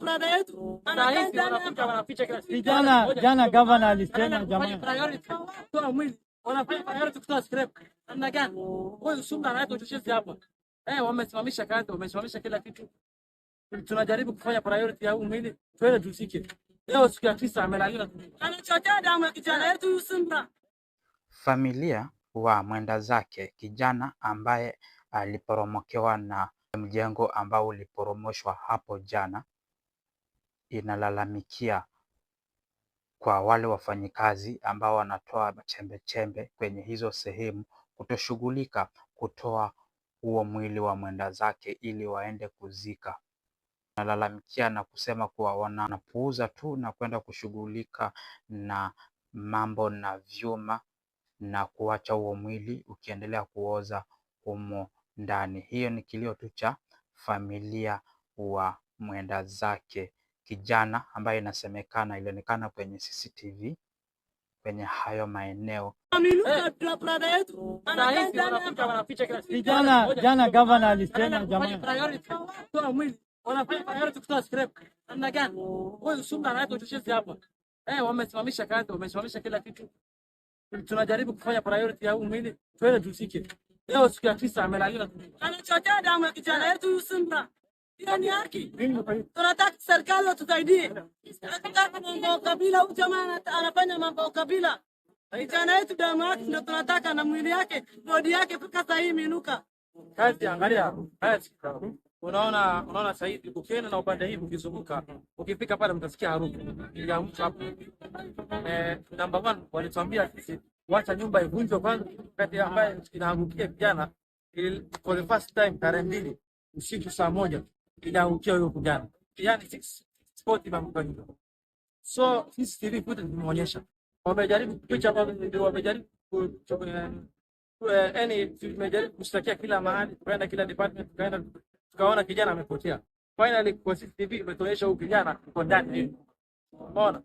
na yetu jana jana, gavana alisema jamani, eh, wamesimamisha kazi, wamesimamisha kila kitu. Tunajaribu kufanya priority ya mwili twende tusike. Leo siku ya tisa anachochea damu ya kijana yetu Familia wa mwenda zake kijana ambaye aliporomokewa na mjengo ambao uliporomoshwa hapo jana inalalamikia kwa wale wafanyikazi ambao wanatoa chembechembe kwenye hizo sehemu kutoshughulika kutoa huo mwili wa mwenda zake ili waende kuzika. Nalalamikia na kusema kuwa wanapuuza tu na kwenda kushughulika na mambo na vyuma na kuacha huo mwili ukiendelea kuoza humo ndani. Hiyo ni kilio tu cha familia wa mwenda zake kijana ambayo inasemekana ilionekana kwenye CCTV kwenye hayo maeneo jana. Jana gavana alisema jamani, eh, wamesimamisha kazi, wamesimamisha kila kitu. Tunajaribu kufanya priority ya tusike. Leo siku ya tisa anachochea damu ya kijana yetu Simba hiyo ni haki. Tunataka serikali watusaidie, hatutaki mambo ya ukabila. Huyu jamaa anafanya mambo ya ukabila. Vijana yetu damu yake ndio tunataka, na mwili yake, bodi yake mpaka saa hii imeinuka. Kazi angalia haya, unaona, unaona saa hii ukienda na upande hii ukizunguka, ukifika pale mtasikia harufu ya mtu hapo. Eh, namba 1 walituambia sisi wacha nyumba ivunjwe kwanza, kati ambaye inaangukia vijana, for the first time tarehe mbili usiku saa moja inaangukia huyo kijana, yani yaani six spot imeanguka hivyo. So sisi TV footage tumeonyesha, wamejaribu picha ambazo wamejaribu eh, eh, yani, tumejaribu kushtakia kila mahali, kwenda kila department, tukaenda tukaona kijana amepotea. Finally kwa sisi TV imetuonyesha huyu kijana uko ndani, umeona.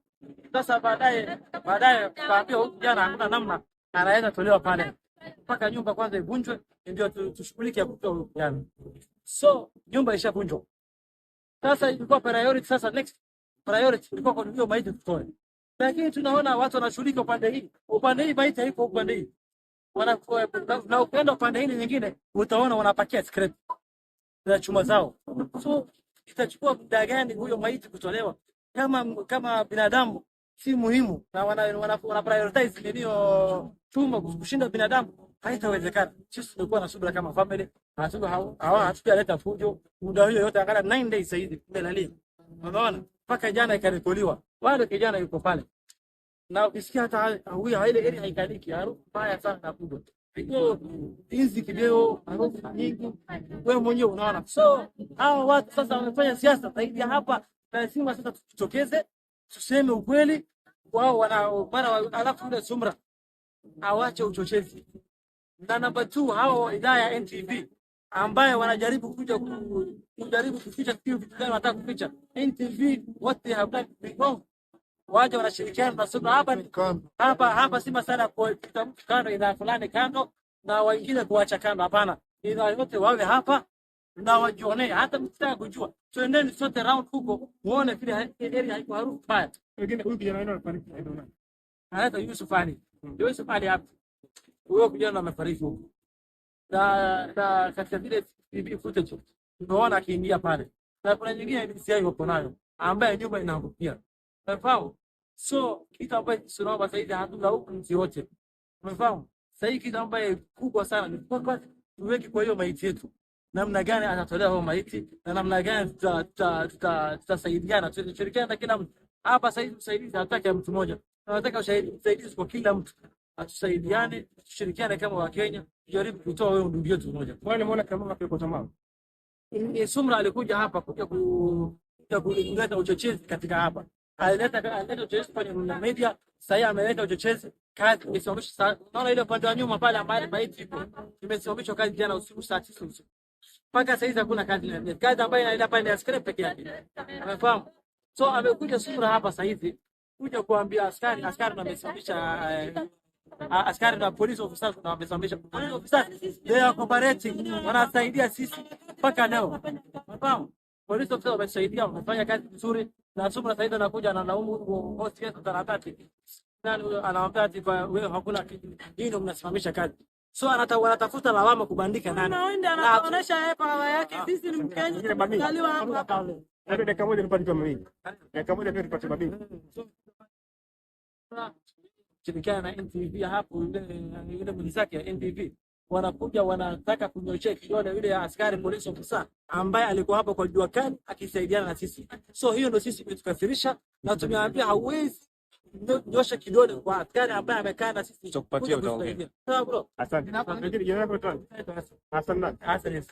Sasa baadaye baadaye tukaambia huyu kijana hakuna namna, anaweza tolewa pale mpaka nyumba kwanza ivunjwe, ndio tushughulike kutoa huyu kijana. So nyumba ishavunjwa. Sasa ilikuwa priority, sasa next priority ilikuwa kwa hiyo maiti tutoe, lakini tunaona watu wanashughulika upande hii, upande hii maiti haiko upande hii wana na upendo upande hili nyingine, utaona wanapakia scrap za chuma zao. So itachukua muda gani huyo maiti kutolewa? Kama kama binadamu si muhimu na wana, wana, wana prioritize nini chuma kushinda binadamu haitawezekana. Sisi tulikuwa na subira kama family, hatuja hawa hatujaleta fujo muda huo yote, angalia 9 days sasa hizi tumelalia, unaona mpaka jana ikarekodiwa, bado kijana yuko pale, na ukisikia hata huyo ile ile haikaliki, harufu mbaya sana na kubwa hizi kideo, harufu nyingi, wewe mwenyewe unaona. So hawa watu sasa wanafanya siasa zaidi ya hapa, na lazima sasa tutokeze, tuseme ukweli wao wana mara, alafu ile Sumra awache uchochezi na namba 2 hao wa idhaa ya NTV ambaye wanajaribu kuja kujaribu kuficha vitu vitu gani wanataka kuficha. NTV what they have done big know, waje wanashirikiana na sasa hapa hapa hapa, si masala ya kuita mtu kando idhaa fulani kando na wengine kuacha kando. Hapana, idhaa yote wawe hapa na wajione, hata mtaka kujua, tuendeni sote round huko muone vile area iko harufu mbaya. Wengine huyu kijana wenu anafanikiwa, hata Yusuf Ali hmm. Yusuf Ali hapa huyo kijana amefariki huko, na na katika zile TV footage tunaona akiingia pale, na kuna nyingine DCI wako nayo ambaye nyumba inaangukia, umefahamu? So kitu ambacho tunaomba sasa hatuna huko nchi yote, umefahamu? Sasa hii kitu ambaye kubwa sana ni kwa tuweke kwa hiyo maiti yetu namna gani atatolewa huyo maiti na namna gani tutasaidiana, tutashirikiana na kila mtu hapa. Sasa hivi msaidizi hataki mtu mmoja, tunataka usaidizi kwa kila mtu. Tusaidiane, tushirikiane kama Wakenya, tujaribu kutoa wewe ndugu yetu mmoja. Kwa nini mbona kama wapi tamaa? tamaa? Eh, Sumra alikuja hapa kuja kuja kuleta uchochezi katika hapa. Alileta alileta uchochezi kwenye media, sasa ameleta uchochezi kazi imesimamishwa sana. naona ile upande wa nyuma pale ambayo maiti ipo, imesimamishwa kazi jana usiku saa 9 usiku. Mpaka sasa hizi hakuna kazi inaendelea. Kazi ambayo inaenda pale ni askari peke yake. amefahamu. So amekuja Sumra hapa sasa hivi kuja kuambia askari askari na wamesimamisha eh, Ah, askari na police officers na wamesimamisha police officers, they are cooperating, wanasaidia sisi mpaka leo. Mfano police officers wamesaidia, wamefanya kazi nzuri, na sumu sasa hivi anakuja na naumu uongozi yetu tarakati, nani huyo anawaambia ati kwa wewe hakuna kitu, hii ndio mnasimamisha kazi. So anata wanatafuta lawama kubandika nani, anaenda anaonesha yeye power yake. Ah, sisi ni Mkenya, kaliwa hapa yaani, dakika moja, nipatie mimi dakika moja, nipatie mimi shirikiana na NTV hapo, yule mwenzake ya NTV wanakuja wanataka kunyoshia kidole yule askari polisi ofisa ambaye alikuwa hapo kwa jua kali akisaidiana na sisi. So hiyo ndio sisi imetukasirisha, na tumeambia hauwezi nyosha kidole kwa askari ambaye amekaa na sisi. Nitakupatia utaongea. Sawa bro, asante. Asante.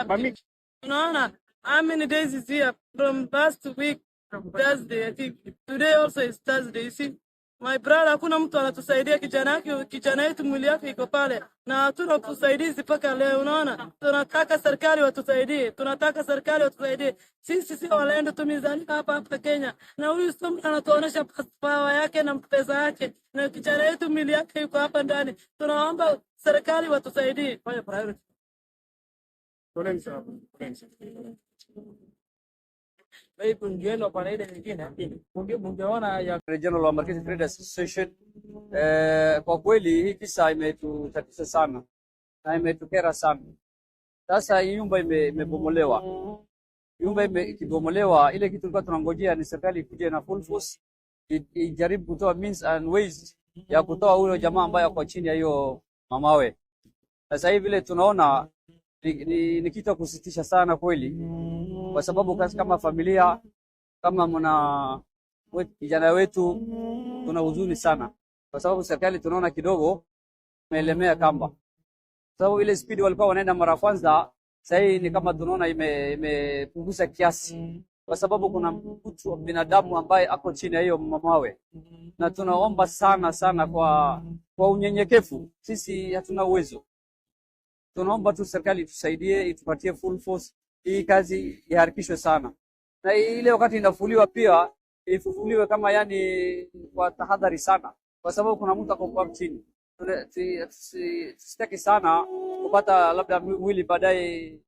Asante. Unaona, how many days is here from last week Thursday, I think. Today also is Thursday, you see. My brother, hakuna mtu anatusaidia kijana yake, kijana yetu mwili yake iko pale na hatuna usaidizi mpaka leo. Unaona, tunataka serikali watusaidie, tunataka serikali watusaidie sisi, sio walendo, tumezalika hapa hapa Kenya, na huyu sio mtu anatuonesha pawa yake na pesa yake, na kijana yetu mwili yake yuko hapa ndani. Tunaomba serikali watusaidie. Regional wa Association eh, kwa kweli hii kisa imetutatiza sana na imetukera sana. Sasa hii nyumba imebomolewa, nyumba ikibomolewa, ile kitu tulikuwa tunangojea ni serikali ikuje na full force ijaribu kutoa means and ways ya kutoa huyo jamaa ambaye ako chini ya hiyo mamawe. Sasa hivi vile tunaona ni, ni, ni kitu kusitisha sana kweli, kwa sababu kama familia kama mna kijana wetu tuna huzuni sana, kwa sababu serikali tunaona kidogo imeelemea kamba, sababu ile spidi walikuwa wanaenda mara kwanza, sasa hii ni kama tunaona imepunguza ime kiasi, kwa sababu kuna mtu binadamu ambaye ako chini ya hiyo mamawe, na tunaomba sana sana kwa, kwa unyenyekevu, sisi hatuna uwezo tunaomba tu serikali itusaidie, itupatie full force, hii kazi iharakishwe sana, na ile wakati inafuliwa pia ifufuliwe kama yani kwa tahadhari sana, kwa sababu kuna mtu akokuwa chini. Tusitaki sana kupata labda mwili baadaye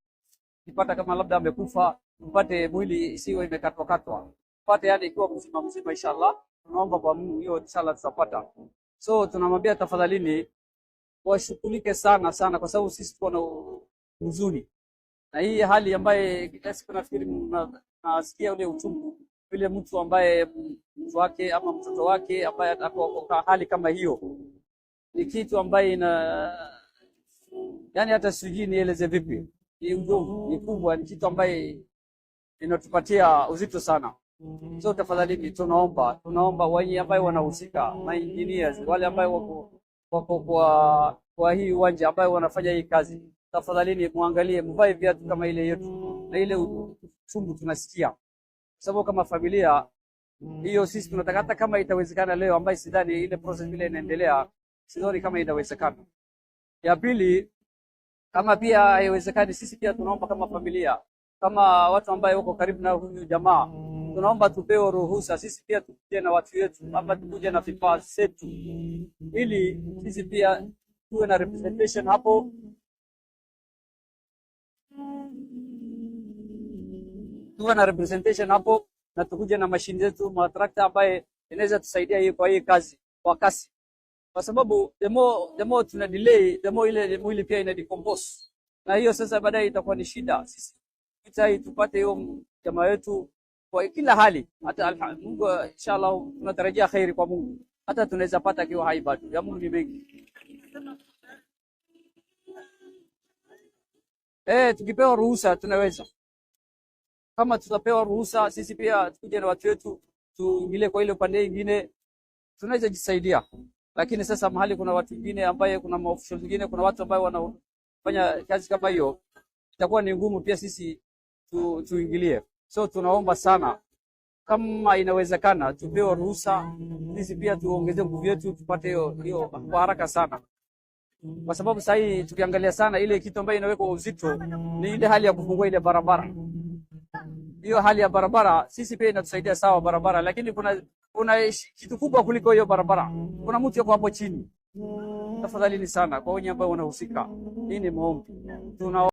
kipata kama labda amekufa, mpate mwili isiwe imekatwa katwa, pate yani ikiwa mzima mzima. Inshallah, tunaomba kwa Mungu hiyo, inshallah tutapata. So tunamwambia tafadhalini washukulike sana sana, kwa sababu sisi tuko na huzuni na hii hali ambaye kila siku nafikiri nasikia ule uchungu, vile mtu ambaye mtu wake ama mtoto wake ambaye kwa hali kama hiyo, ni kitu ambaye ina yani, hata sijui nieleze vipi. Ni ugumu, ni kubwa, ni kitu ambaye inatupatia uzito sana. So tafadhali, tunaomba tunaomba wenye ambaye wanahusika, ma engineers wale ambaye wako kwa, kwa kwa hii uwanja ambayo wanafanya hii kazi, tafadhalini muangalie, mvae viatu kama ile yetu na ile uchungu tunasikia, kwa sababu kama familia hiyo sisi tunataka, hata kama itawezekana leo, ambaye sidhani ile process vile inaendelea, sidhani kama inawezekana. Ya pili, kama pia haiwezekani, sisi pia tunaomba kama familia, kama watu ambaye wako karibu na huyu jamaa tunaomba tupewe ruhusa sisi pia tukuje na watu wetu hapa, tukuje na vifaa zetu, ili sisi pia tuwe na representation hapo. tuwe na representation hapo na tukuje na mashine zetu matrakta ambaye inaweza tusaidia hii kwa hii kazi kwa kasi, kwa sababu the more the more tuna delay the more ile mwili pia ina decompose, na hiyo sasa baadaye itakuwa ni shida. Sisi tutai tupate hiyo jamaa wetu kwa kila hali hata Mungu inshallah, tunatarajia khairi kwa Mungu, hata tunaweza pata kiwa hai bado, ya Mungu ni mengi eh, tukipewa ruhusa tunaweza. Kama tutapewa ruhusa sisi pia tukuje na watu wetu tuingile kwa ile upande nyingine, tunaweza jisaidia. Lakini sasa mahali kuna watu wengine ambaye kuna maofisho wengine, kuna watu ambao wanafanya kazi kama hiyo, itakuwa ni ngumu pia sisi tu, tuingilie. So tunaomba sana kama inawezekana tupewe ruhusa sisi pia tuongeze nguvu yetu tupate hiyo hiyo kwa haraka sana, kwa sababu sasa hii tukiangalia sana ile kitu ambayo inawekwa uzito ni ile hali ya kufungua ile barabara. Hiyo hali ya barabara sisi pia inatusaidia sawa barabara, lakini kuna kuna kitu kubwa kuliko hiyo barabara, kuna mtu yuko hapo chini. Tafadhalini sana kwa wenye ambao wanahusika, hii ni maombi tuna